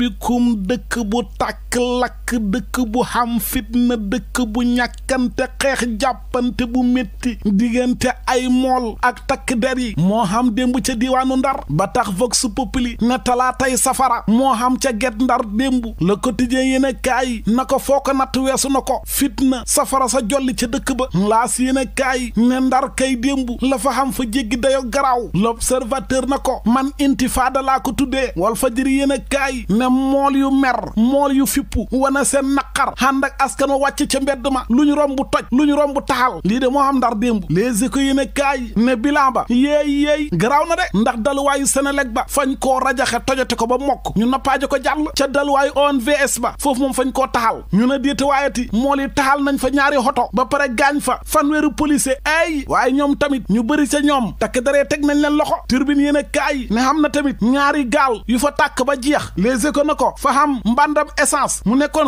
bikum dëkk bu tàkk lakk dëkk dëkk bu xam fitna dëkk bu ñàkkante xeex jàppante bu métti diggante ay mool ak takk der yi moo xam démb ca diwaanu ndar ba tax vox populi na talaatay safara moo xam ca get ndar démb la quotidien yéen kaay na ko foo ko natt weesu na ko fitna safara sa jolli ca dëkk ba laas yéen kaay ne ndar kay démb la fa xam fa jéggi dayo garaaw l'observateur na ko man intifaada laa ko tuddee wal fa yéen kaay ne mool yu mer mool yu fippu wana wane seen naqar ànd ak askan wa wàcc ca mbedd ma lu ñu romb toj lu ñu romb taxal lii de moo xam ndar démb les éco yéen kaay ne bilan ba yéey yéey garaaw na de ndax daluwaayu Senelec ba fañ koo xe tojate ko ba mokk ñu nappaaje ko jàll ca daluwaayu ONVS ba foofu moom fañ koo taxal ñu ne déete waayati moo li taxal nañ fa ñaari xoto ba pare gaañ fa fanweeru policier ay waaye ñoom tamit ñu bëri ca ñoom takk daree teg nañ leen loxo turbine yéen kaay ne xam na tamit ñaari gaal yu fa tàkk ba jeex les éco na ko fa xam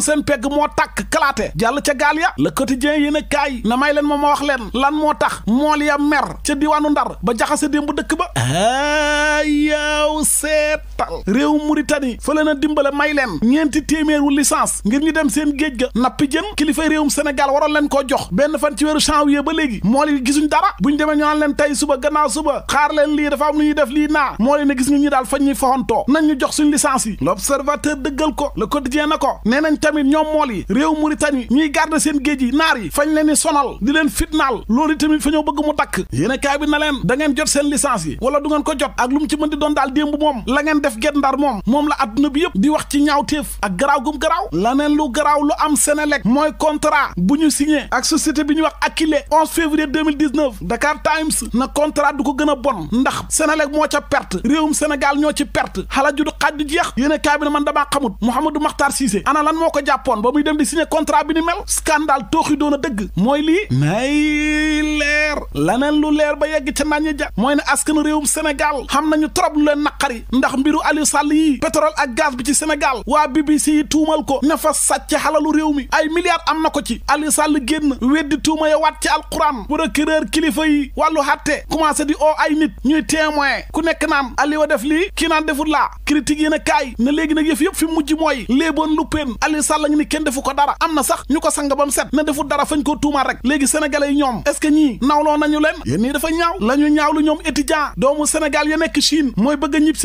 seen pegg moo tàkk kalaate jàll ca gaal ya le quotidien yéen a kaay na may leen ma ma wax leen lan moo tax mool ya mer ca diwaanu ndar ba jaxase démb dëkk ba ayaw ah, seet gàttal réew Mauritanie fële na dimbale may leen ñeenti téeméeru licence ngir ñu dem seen géej ga nappi jën kilifay réewum Sénégal waroon leen koo jox benn fan ci weeru janvier ba léegi mool yi gisuñ dara buñ demee ñu naan leen tey suba gannaaw suba xaar lii dafa am lu ñuy def lii naa mool ne gis ñu ñu daal fañ ñuy faxantoo nañ ñu jox yi l'observateur dëggal ko le quotidien na ko nee nañ tamit ñoom mool réew Mauritanie ñuy garder seen géej di sonal di leen fitnaal loolu tamit fa ñoo def moom moom la adduna bi yëpp di wax ci ñaawteef ak garaaw gum garaaw laneen lu garaaw lu am Senelec mooy contrat bu ñu signé ak société bi ñuy wax Akile 11 février 2019 Dakar Times na contrat du ko gën a bon ndax Senelec moo ca perte réewum Sénégal ñoo ci pert xala ju du xaj du jeex yéen a kaay bi man damaa xamut Mouhamadou Makhtar Cissé ana lan moo ko jàppoon ba muy dem di signé contrat bi ni mel scandale tooxi doon a dëgg mooy lii nay leer laneen lu leer ba yegg ca nañu ja mooy ne askanu réewum Sénégal xam nañu trop lu leen naqari ndax mbiru Aliou Sall yi pétrole ak gaz bi ci Sénégal waa BBC yi tuumal ko ne fa sàcc xalalu réew mi ay milliards am na ko ci Aliou Sall génn weddi tuuma ya waat ci alquran procureur kilifa yi wàllu xatte commencé di oo ay nit ñuy témoin ku nekk naan Aliou def lii kii naan deful laa critique yi ne kaay na léegi nag yëf yëpp fi mujj mooy léeboon luppeen Aliou Sall ngi ni kenn defu ko dara am na sax ñu ko sanga ba mu set ne deful dara fañ koo tuumal rek léegi sénégalais ñoom est-ce que ñii nawloo nañu leen yéen dafa ñaaw la ñaaw lu ñoom étudiant doomu Sénégal ya nekk Chine mooy bëgg a ñib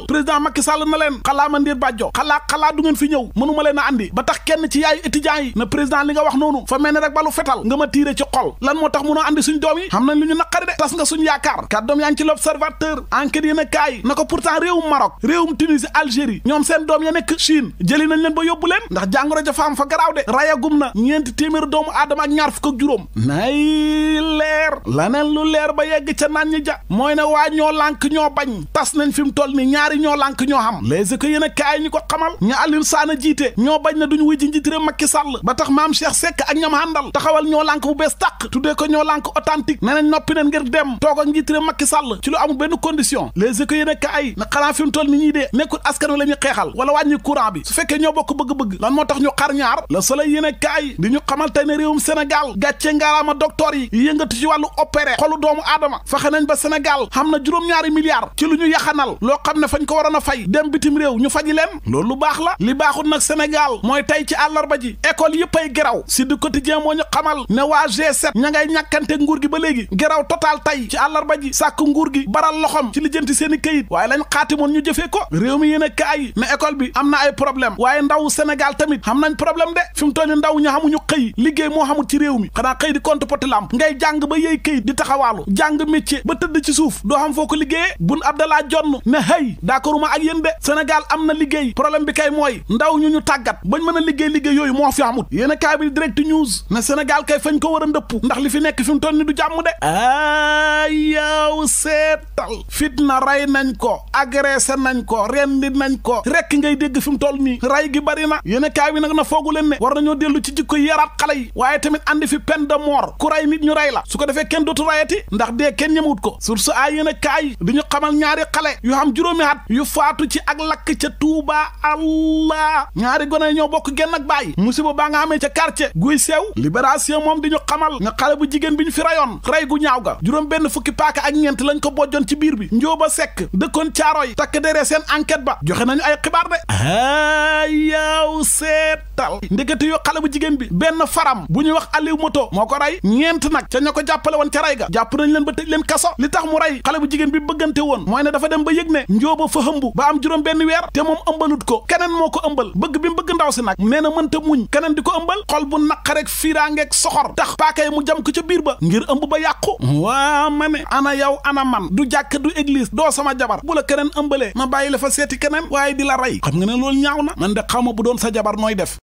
waaw président Macky leen xalaa ma ndir bàjjo xalaa xalaa du ngeen fi ñëw mënuma leen a andi ba tax kenn ci yaayu étudiants yi na président li nga wax noonu fa mel ne rek balu fetal nga ma tiire ci xol lan moo tax munoo andi suñ doom yi xam nañ lu ñu naqari de tas nga suñ yaakaar kàddoom yaa ngi ci l'observateur enquête yéen a kaay na ko pourtant réewum Maroc réewum Tunisie Algérie ñoom seen doom ya nekk Chine jëli leen ba yóbbu leen ndax jàngoro ñaari ñoo lànk ñoo a kaay ñoo bañ na duñu wuy ji njiitere Macky Sall ba tax maam Cheikh Seck ak ñam àndal taxawal ñoo lànk bu bees tàq tuddee ko ñoo lànk authentique ne nañ noppi ngir dem toog ak njiitere Macky Sall ci lu amul benn condition les écoles yéen a kaay na xanaa fi mu toll ni ñuy dee nekkul askan wi la ñuy xeexal wala wàññi courant bi su fekkee ñoo bokk bëgg-bëgg lan moo tax ñu xar ñaar le soleil yéen a kaay di ñu xamal tey ne réewum Sénégal gàcce ngaalaama docteur yi yëngatu ci wàllu opéré xolu doomu aadama fexe nañ ba Sénégal xam na juróom-ñaari milliards ci lu ñu yaxanal loo xam ne fañ ko waroon a fay dem bitim réew ñu faji leen loolu lu baax la li baaxul nag Sénégal mooy tey ci àllarba ji école yëpp ay geraw si du quotidien moo ñu xamal ne waa G7 ña ngay ñàkkante nguur gi ba léegi geraw total tey ci àllarba ji sàkk nguur gi baral loxom ci lijjanti seen i këyit waaye lañ moon ñu jëfee ko réew mi yéen a ay ne école bi am na ay problème waaye ndaw Sénégal tamit xam nañ problème de fi mu toll ndaw ña xamuñu xëy liggéey moo xamul ci réew mi xanaa xëy di compte poti lamp ngay jàng ba yëy këyit di taxawaalu jàng métier ba tëdd ci suuf doo xam foo ko liggéeyee bun Abdallah jonn ne hëy d'accord ma ak yéen de Sénégal am na liggéey problème bi kay mooy ndaw ñu ñu tàggat bañ mën a liggéey liggéey yooyu moo fi amut yéen a kaay bi direct news ne Sénégal kay fañ ko war a ndëpp ndax li fi nekk fi mu toll ni du jàmm de ayaw seetal fitna rey nañ ko agressé nañ ko rendi nañ ko rekk ngay dégg fi mu toll nii rey gi bari na yéen a kaay bi nag na foogu leen ne war nañoo dellu ci jikko yaraat xale yi waaye tamit andi fi peine de mort ku rey nit ñu rey la su ko defee kenn dootu rayati ndax dee kenn ñemewut ko source ay yéen a kaay di ñu xamal ñaari xale yu xam juróomi at yu faatu ci ak lakk ca Touba allah ñaari gone ñoo bokk genn ak baay musiba baa nga amee ca quartier guy seew libération moom di ñu xamal nga xale bu jigéen bi ñu fi rayoon rey gu ñaaw ga juróom benn fukki paaka ak ñeent lañ ko bojjoon ci biir bi njóoba sekk dëkkoon caaro yi takk deree seen enquête ba joxe nañu ay xibaar de ayaw seet tal ndekete yoo xale bu jigéen bi benn faram bu ñuy wax Aliou to moo ko rey ñeent nag ca ña ko jàppale woon ca rey ga jàpp nañ leen ba tëj leen kaso li tax mu rey xale bu jigéen bi bëggante woon mooy ne dafa dem ba yëg ne njóoba fa hëmb ba am juróom benn weer te moom ëmbalut ko keneen moo ko ëmbal bëgg bi mu bëgg ndaw si nag nee na mënta muñ keneen di ko ëmbal xol bu naqarek fiiraangeek soxor tax paaka yi mu jam ko ca biir ba ngir ëmb ba yàqu waa ma ne ana yow ana du jàkk du église doo sama jabar bu keneen ëmbalee ma bàyyi la fa seeti waaye di la rey xam ne loolu ñaaw na man xaw ma bu doon sa jabar nooy def